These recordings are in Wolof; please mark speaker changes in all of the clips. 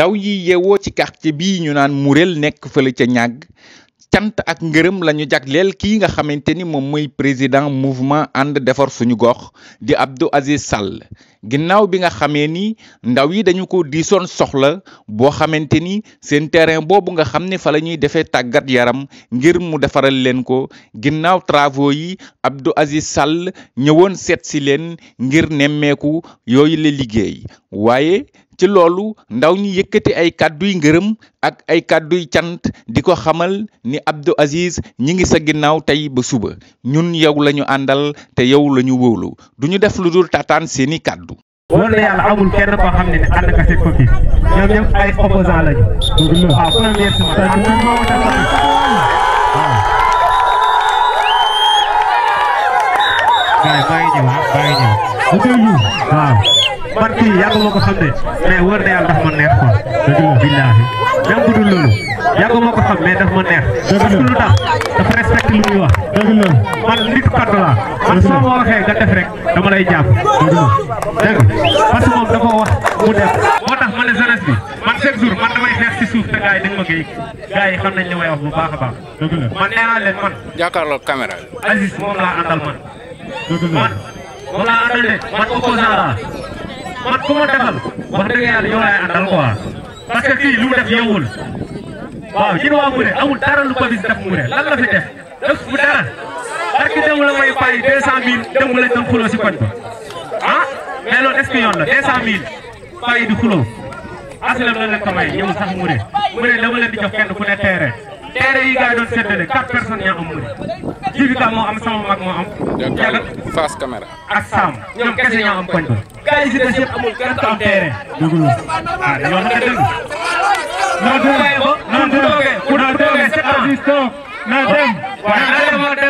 Speaker 1: ndaw yi yewoo ci quartier bii ñu naan Mourel nekk fële ca ñàgg cant ak ngërëm lañu jagleel kii nga xamante ni moom mooy président mouvement ànd defar suñu gox di Abdou Aziz Sall ginnaaw bi nga xamee ni ndaw yi dañu ko diisoon soxla boo xamante ni seen terrain boobu nga xam ne fa la ñuy defee tàggat yaram ngir mu defaral leen ko ginnaaw travaux yi Abdou Aziz Sall ñëwoon seet si leen ngir nemmeeku yooyu la liggéey waaye ci loolu ndaw ñi yëkkati ay kàdduy ngërëm ak ay kàdduy cant di ko xamal ni Abdou Aziz ñi ngi sa ginnaaw tey ba suba ñun yow lañu àndal te yow lañu ñu wóolu du ñu def lu dul taataan seeni kàddu wala man kii yàgg ma ko xam ne mais wër na yàlla daf neex quoi. dëgg la billaahi même bu dul yàgg ma ko xam mais daf ma neex. dëgg la tax dafa soo ma waxee nga def rek dama lay jàpp. dëgg la dafa wax mu def. moo tax ma ne jeunesse bi man chaque jour man damay xeex ci suuf te gars yi ma koy gars xam nañ li wax bu baax baax. dëgg la man nee naa leen man. jàkkaarloo caméra bi. Aziz moom laa àndal man. dëgg la man moom laa àndal man opposant laa. man ku ma defal wax dëgg yàlla yow laay àndal quoi parce kii lu mu def yowul waaw ci waa Mbouré amul dara lu Papis def Mbouré lan la def def bu dara parce que démb la may fay 200000 démb lañ doon xuloo si koñ ba ah mais loolu espion la 200000 fay di xuloo aslam la leen ko may ñëw sax Mbouré Mbouré dama leen di jox ku ne terrain. teere yi gars yi doon seddale quatre personnes ñoo am mu ne am sama mag moo am jagat face caméra ak saam ñoom kese ñoo am koñ ba gars si des yëpp amul kenn ku am teere ba
Speaker 2: na toogee ku doon dem waaye dem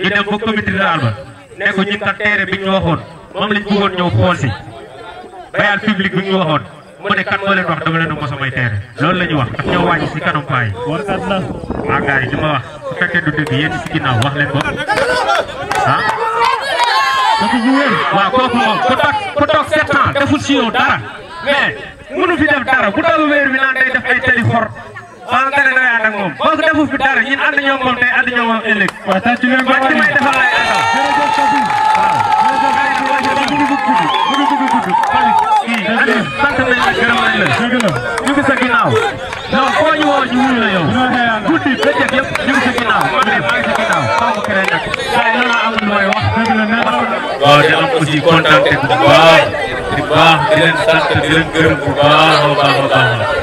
Speaker 1: ñu dem ba comité rural ba ne ko ñun kat teere bi ñu waxoon moom lañ bëggoon ñëw xool si bayal public bi ñu waxoon mu ne kan moo leen wax dama leen a mos a loolu la wax daf ñoo wàññi si kanam paa yi. waaw gars yi li wax su fekkee du dëgg yéen ci ginnaaw wax leen ko ah. kooku ñu wér waaw kooku moom ku toog ku toog sept ans deful si dara mais mënu fi def dara bu taw weer bi naan day def ay teli xor. maanaam tane damay ànd ak moom boo ko fi dara ñun ànd ñoo moom tey ànd ñoo moom ëllëg. waaw tàcc ngeen ko waaye may defal laay àndal. jërëjëf Sabine. sant nañ la la. dëgg la ñu ñu
Speaker 2: woo ñu wuyu la yow. guddi bëccëg yëpp ñu ngi sa ginnaaw. man de maa ngi sa ginnaaw. faaw mu keneen nag. waaye loolu laa amul mooy wax. dëgg la
Speaker 3: nee naa. di baax di baax di leen di leen gërëm bu baax a baax a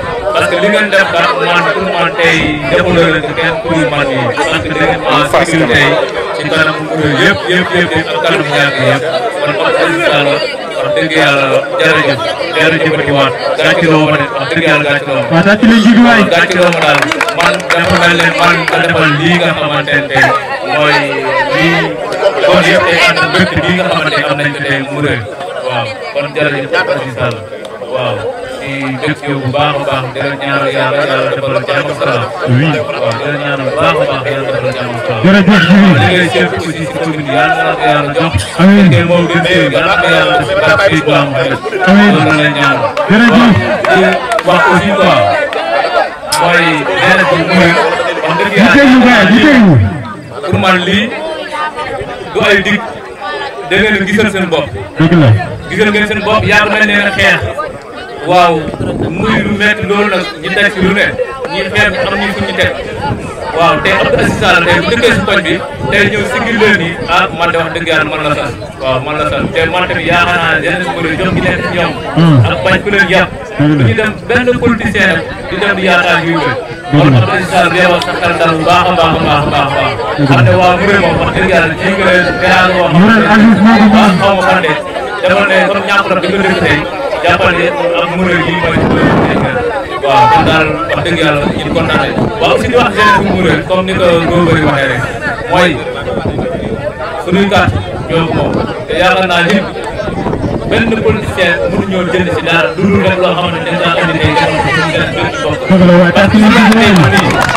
Speaker 3: parce que li ngeen def daal man pour man tey jàppandoo leen kenn pour man yi parce que dangeen ma sécurité ci kanam yëpp yëpp yëpp yëpp ak kanam yàgg yëpp man wax dëgg yàlla wax dëgg yàlla jërëjëf jërëjëfati waat gàcce loo ma de wax dëgg yàlla gàcce loo ma. waaw gàcce lañ jigi waay gàcce loo ma daal man jàpp naa leen man nga defal lii nga xamante ne tey mooy lii kon yëpp tey ànd mbégte bii nga xamante ne am nañ ko tey mu réer waaw kon jërëjëf Aziz Sall waaw. ci dëkk yow bu baax a baax di la ñaanal yàlla yàlla defal jàmm ak salaam. oui waaw di la ñaanal bu baax a baax yàlla defal jàmm ak salaam. jërëjëf Djibi li ngay
Speaker 2: jëf aussi ci commune bi yàlla na ko yàlla jox. amiin tey Maodo Ndiaye yàlla na ko yàlla def ci kàddu gi Ibrahima Mohamed. amiin loolu la lay ñaanal. jërëjëf di wax aussi quoi mooy benn bi mooy wax dëgg yàlla pour man lii
Speaker 1: du ay dig da ngeen gisal seen bopp. dëgg la gisal ngeen seen bopp yàlla mel ne xeex. waaw muy lu metti loolu nag ñu teg si lu ne
Speaker 3: ñuy xeeb am ñu fu
Speaker 1: ñu teg waaw tey ab assistant tey bu dëkkee si koñ bi tey ñëw
Speaker 3: sigil leen yi ah man de wax dëgg yàlla man la sant waaw man la sant te man tamit yaakaar naa yenn su bëri jom gi nekk si ñoom ak bañ ku leen yàpp bu ñu dem benn politicien rek di dem di yaakaar yuy wér kon ab assistant dee wax sakkal dal bu baax a baax a baax a baax a baax xam ne waa Mourel moom wax dëgg yàlla ci nga leen gëraal wax xaw ma fan de dama ne comme ñàkk na bi nga dëkk tey jàppal ne am mëneel yi mooy waaw kon daal wax dëgg yàlla ñun kontaan nañu waaw di wax jeunesse mëneel comme ni ko góobari waxee rek mooy suñuy carte ñoo ko moom te yaakaar naa ni
Speaker 2: benn politicien mënuñoo jënd si dara dund rek loo xamante ne daal indi day gàllankoor
Speaker 1: suñu benn benn bopp.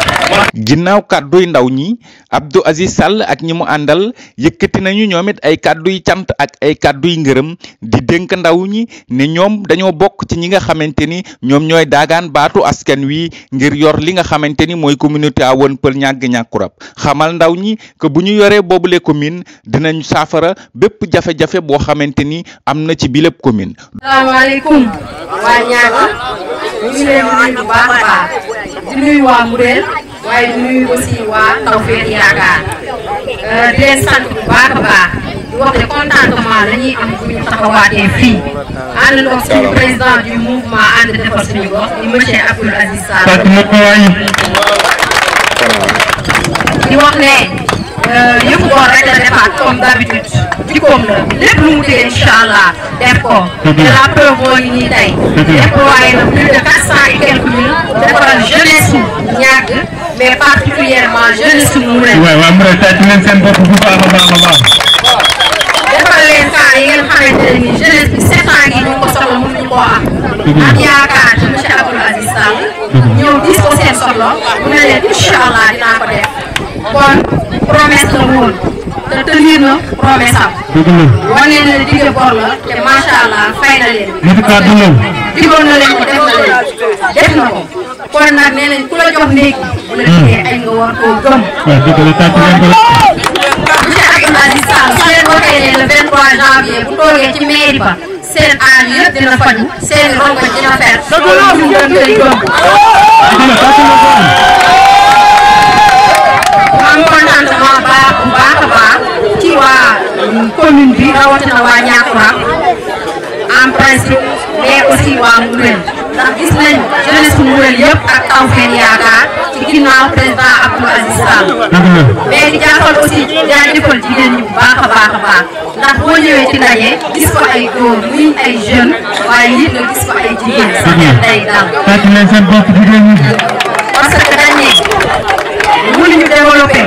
Speaker 1: kaddu yi ndaw ñi abdou aziz sall ak ñimu andal, yëkëti nañu ñomit ay ay yi cant ak ay yi ngërëm di denk ndaw ñi ne ñom dañoo bok ci ñi nga xamanteni ñom ñoy daagan baatu askan wi ngir yor li nga xamante ni mooy communauté awon pël ñàgg ñàkkurab xamal ndaw ñi ke buñu yoré bobu le commune dinañ safara bëpp jafé jafé bo xamanteni amna ci bilep commune
Speaker 3: alaykum wa ñaaga ñu ngi leen di baax baax di nuyu waa Mbourel waaye di nuyu aussi waa Tawfekh Yaakaar euh, di leen sant bu baax a baax di wax ne contentement la ñuy am bu ñu taxawaatee fii ànd ak suñu président du mouvement ànd defar suñu gox di monsieur Abdoul Aziz Sall. di wax ne euh, yëpp góor rek la defaat comme d'habitude jikkoom la lépp lu mu diggee incha allah def ko. Mhm. te la preuve moo ngi nii tey. Mhm. déployé na plus de quatre cent et quelques mille defaral jeunesse su ñàkk mais particulièrement jeunesse su Mouré.
Speaker 2: waaw waaw Mouré tàcc leen seen bopp bu baax a baax a baax.
Speaker 3: defal leen temps yi ngeen xamante ne nii jeunesse bi sept ans yi ñu ko soxla mënuñu koo am. am mhm. yaakaar ci monsieur Abdoul Aziz Sall. ñëw gis ko seen soxla mu ne leen incha allah dinaa ko def kon promesse la woon. te tenir na promesse am. wane na ne dige bor la te macha allah fay na leen. digoon na leen ko def na leen def na ko kon nag nee nañ ku la jox ndéeg. bu la liggéey ay nga war koo gëm.
Speaker 2: waaw dëgg la tàcc leen ko la. monsieur
Speaker 3: Abdoul Aziz Sall su leen waxee ne le 23 janvier bu toogee ci mairie ba seen aar yëpp dina faju seen rongoñ dina fer. dëgg la ñu gëm tey gëm. am contentement baax bu baax a baax. fii waa commune bi rawatina waa Niakhoura en principe mais aussi waa Mourel ndax gis nañ jeunesse su Mourel yëpp ak taw seen ci ginnaaw président Abdou Aziz Sall. mais di jàppal aussi jaajëfal jigéen ñi baax baax baax ndax boo ñëwee ci ndaje gis ko ay góor muy ay jeunes waaye it nga gis ko ay jigéen. sa ngeen day dal. parce que dañ ne mënuñu développé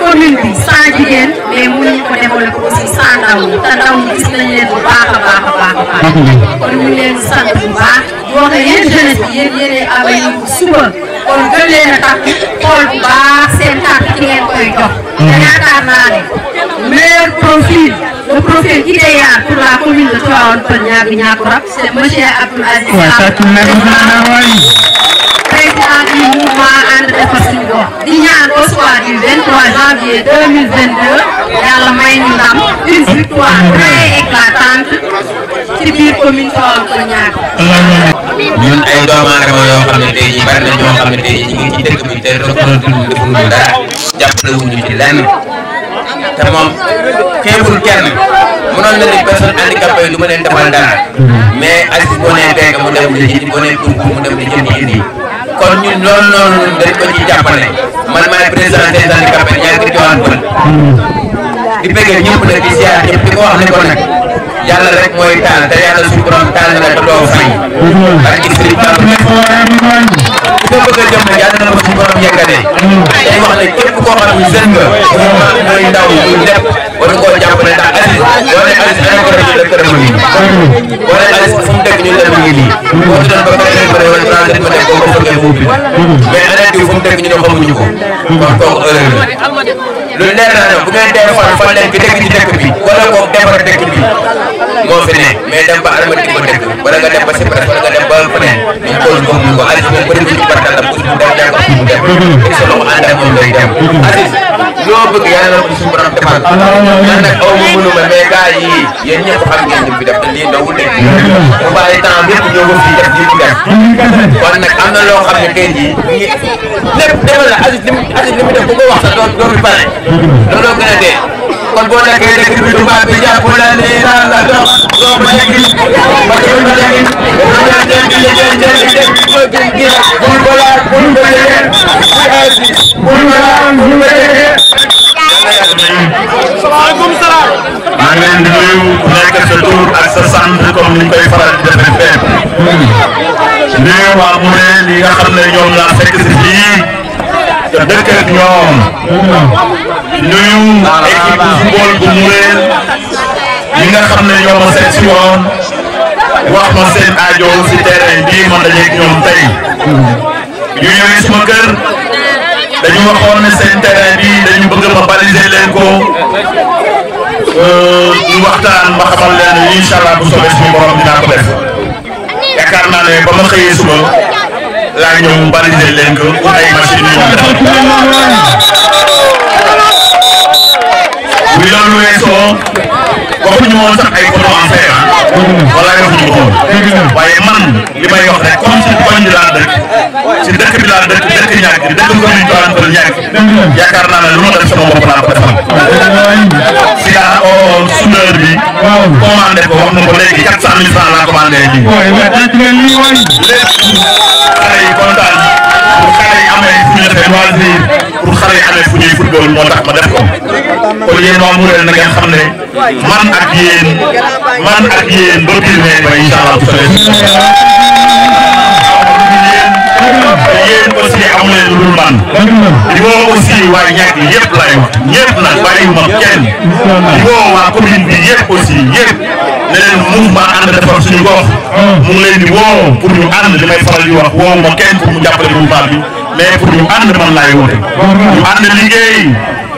Speaker 3: commune bi sans jigéen. mais mënuñu ko développé aussi sans ndaw ñi te ndaw ñi gis nañ leen bu baax a baax baax baax. kon ñu ngi leen sant bu baax di wax ne yéen jeunesse bi yéen yéenay avenir bu suba kon gën tax xool bu baax seen carte ki ngeen koy jox. te yaakaar naa ne meilleur profil le profil idéal pour la commune de président du mouvement ànd
Speaker 2: ñun ay doomu yoo xam ne tey jii bari na ñoo xam ne tey jii ñu ci dëkk bi te doxalin dund defuñu dara jàppale wuñu ci du ma leen defal dara mais Aziz boo nee mu dem li jëndi boo nee mu dem li jëndi indi kon non non dari dañ ko ci mana-mana presiden président des handicapés yaa ngi joxaan bën di bëggee ñëpp nag di ziar ñëpp di ko rek mooy taal te yàlla suñu borom taal na ko doo fay ak ci sëriñ Ba ku ko bëgg a jëm nag yàlla na ko suñu borom yeggale day wax ne képp koo xam ne sën nga suñu daan dañ ma def boo ko bëggee mu ubbi mais ana diw fu mu dëkk ñu ne xamuñu ko kon kooku erreur la lu leer naa ne bu ngeen dee fal fal leen ki dëkk ci dëkk bi wala kooku defar dëkk bi moo fi ne mais dem ba arama di ko dëkk wala nga dem ba si presse wala nga dem ba feneen ñu xool ko ñu ko Aziz moom bëri na ci barkalam ku mu dem dem ko mu dem te sa loxo ànd ak moom lay dem mm-hmm. Aziz yóbbu gi yàlla ko suñu borom leen di nuyu nekk sa tur ak sa sant comme ni koy faral di defee fépp. nuyu waa mu ne li nga xam ne ñoom laa fekk si fii te dëkk ak ñoom. nuyu équipe football bu Mourel ñi nga xam ne ñoo ma seet si woon wax ma seen aajo si terrain bii ma dajeeg ñoom tey. ñu ñëwee suma kër dañu waxoon ne seen terrain bii dañu bëgg ma baliser leen ko. ñu waxtaan ba xamal leen incha bu soobee suñu borom dinaa ko def yaakaar naa ne ba ma xëyee suba laa ñëw validé leen ko ay machines yu ñu loolu weesoo waxuñu woon sax ay poto en fer wala nga ko jublu waaye man li may wax rek comme si bi laa dëkk si dëkk bi laa dëkk dëkk ñàkk di dëkk commune Tivaouane ñàkk yaakaar naa ne lu ma def sama bopp laa ko defal xale yi amee fu ñu defee moo tax ma def ko yéen waa Mourel na ngeen xam ne man ak yéen man ak yéen ba biir yéen aussi amu leen lu dul man. di woo aussi waa ñàkk yëpp laay wax ñëpp nag bàyyiwuma waa commune bi yëpp aussi yëpp. ne leen mouvement ànd defar suñu gox. mu ngi leen di woo pour ñu ànd li may woo ma kenn pour mu jàppale mouvement bi mais pour ñu man laay woote. ñu ànd liggéey.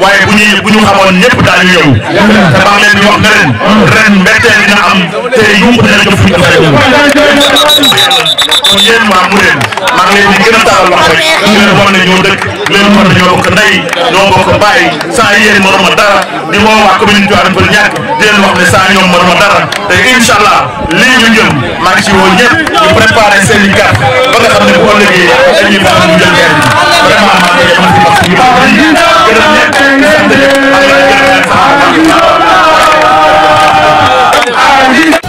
Speaker 2: waaye bu ñuy bu ñu xamoon ñëpp daañu ñëw te di wax ren dina am te yumb dana jëf fuñ ko fekkul kon yéen waa mu leen maa ngi di gën a wax rek leen ñoo dëkk leen bokk ñoo bokk dara di woo waa commune Tivaouane Peulh ñàkk di wax ne saa ñoom mënuma dara te incha allah ñu jëm maa ci woo ñëpp ñu préparé seen ba nga ñu vraiment ngi ñu 내 사랑이 떠나